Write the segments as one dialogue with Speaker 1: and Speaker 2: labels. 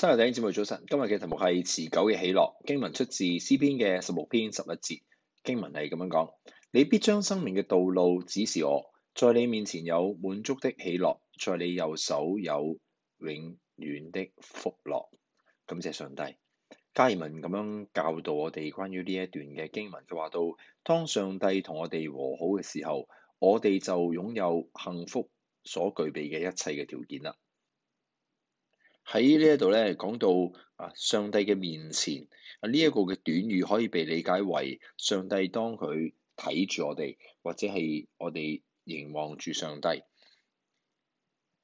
Speaker 1: 三台第一節目早晨，今日嘅題目係持久嘅喜樂。經文出自詩篇嘅十六篇十一節，經文係咁樣講：你必將生命嘅道路指示我，在你面前有滿足的喜樂，在你右手有永遠的福樂。感謝上帝，加爾文咁樣教導我哋關於呢一段嘅經文，佢話到：當上帝同我哋和好嘅時候，我哋就擁有幸福所具備嘅一切嘅條件啦。喺呢一度咧，講到啊上帝嘅面前，啊呢一個嘅短語可以被理解為上帝當佢睇住我哋，或者係我哋凝望住上帝。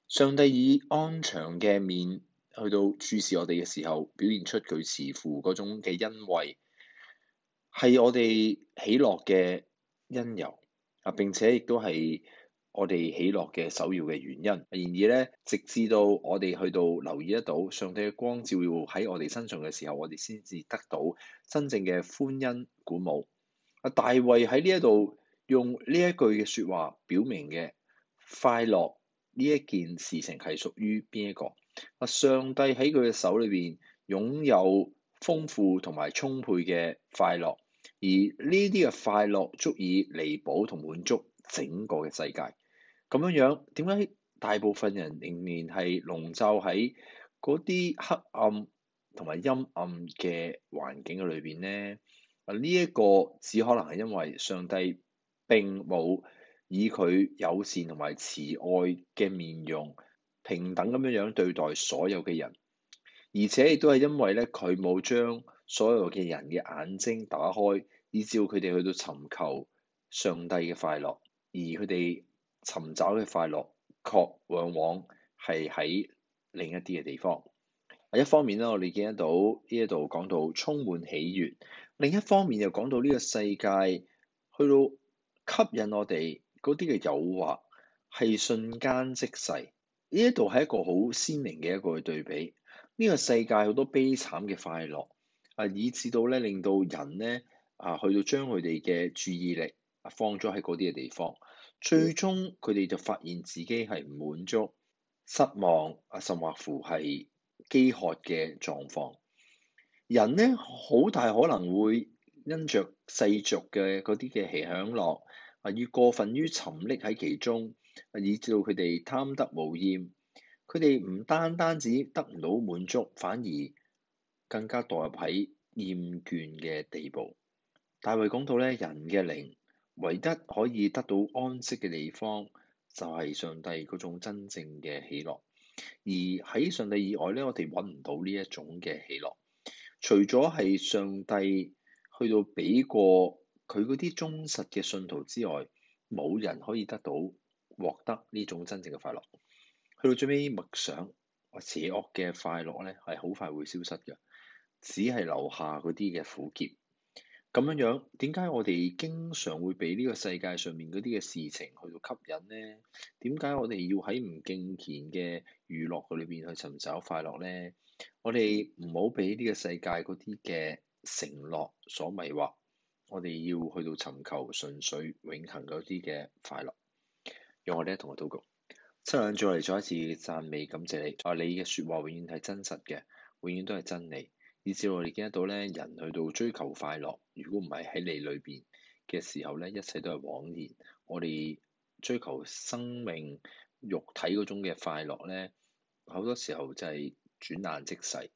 Speaker 1: 上帝以安詳嘅面去到注視我哋嘅時候，表現出佢似乎嗰種嘅恩惠，係我哋喜樂嘅因由啊！並且亦都係，我哋喜樂嘅首要嘅原因，然而咧，直至到我哋去到留意得到上帝嘅光照耀喺我哋身上嘅時候，我哋先至得到真正嘅歡欣鼓舞。阿大衛喺呢一度用呢一句嘅說話，表明嘅快樂呢一件事情係屬於邊一個？阿上帝喺佢嘅手裏面擁有豐富同埋充沛嘅快樂，而呢啲嘅快樂足以彌補同滿足整個嘅世界。咁樣樣點解大部分人仍然係籠罩喺嗰啲黑暗同埋陰暗嘅環境嘅裏邊咧？啊，呢、這、一個只可能係因為上帝並冇以佢友善同埋慈愛嘅面容平等咁樣樣對待所有嘅人，而且亦都係因為咧佢冇將所有嘅人嘅眼睛打開，以致佢哋去到尋求上帝嘅快樂，而佢哋。尋找嘅快樂，卻往往係喺另一啲嘅地方。啊，一方面咧，我哋見得到呢一度講到充滿喜悅；另一方面又講到呢個世界去到吸引我哋嗰啲嘅誘惑，係瞬間即逝。呢一度係一個好鮮明嘅一個嘅對比。呢、呢個世界好多悲慘嘅快樂，啊，以至到咧令到人咧啊，去到將佢哋嘅注意力放咗喺嗰啲嘅地方。最終佢哋就發現自己係唔滿足、失望啊，甚或乎係飢渴嘅狀況。人呢，好大可能會因着世俗嘅嗰啲嘅其享樂啊，而過分於沉溺喺其中啊，以至到佢哋貪得無厭。佢哋唔單單止得唔到滿足，反而更加墮入喺厭倦嘅地步。大衛講到咧，人嘅靈。唯一可以得到安息嘅地方，就係上帝嗰種真正嘅喜樂。而喺上帝以外咧，我哋揾唔到呢一種嘅喜樂。除咗係上帝去到俾過佢嗰啲忠實嘅信徒之外，冇人可以得到獲得呢種真正嘅快樂。去到最尾，默想，或邪惡嘅快樂咧，係好快會消失嘅，只係留下嗰啲嘅苦澀。咁樣樣，點解我哋經常會俾呢個世界上面嗰啲嘅事情去到吸引呢？點解我哋要喺唔敬虔嘅娛樂嘅裏邊去尋找快樂呢？我哋唔好俾呢個世界嗰啲嘅承諾所迷惑，我哋要去到尋求純粹永恆嗰啲嘅快樂。讓我哋一同去禱告，七兩再嚟再一次讚美感謝你，啊你嘅説話永遠係真實嘅，永遠都係真理。以至我哋見得到咧，人去到追求快樂，如果唔係喺你裏邊嘅時候咧，一切都係枉然。我哋追求生命、肉體嗰種嘅快樂咧，好多時候就係轉眼即逝。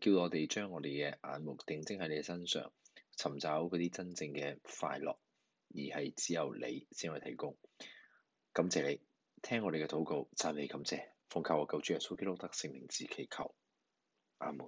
Speaker 1: 叫我哋將我哋嘅眼目定睛喺你身上，尋找嗰啲真正嘅快樂，而係只有你先可以提供。感謝你聽我哋嘅禱告，讚美感謝，奉靠我救主耶穌基督得勝名字祈求，阿門。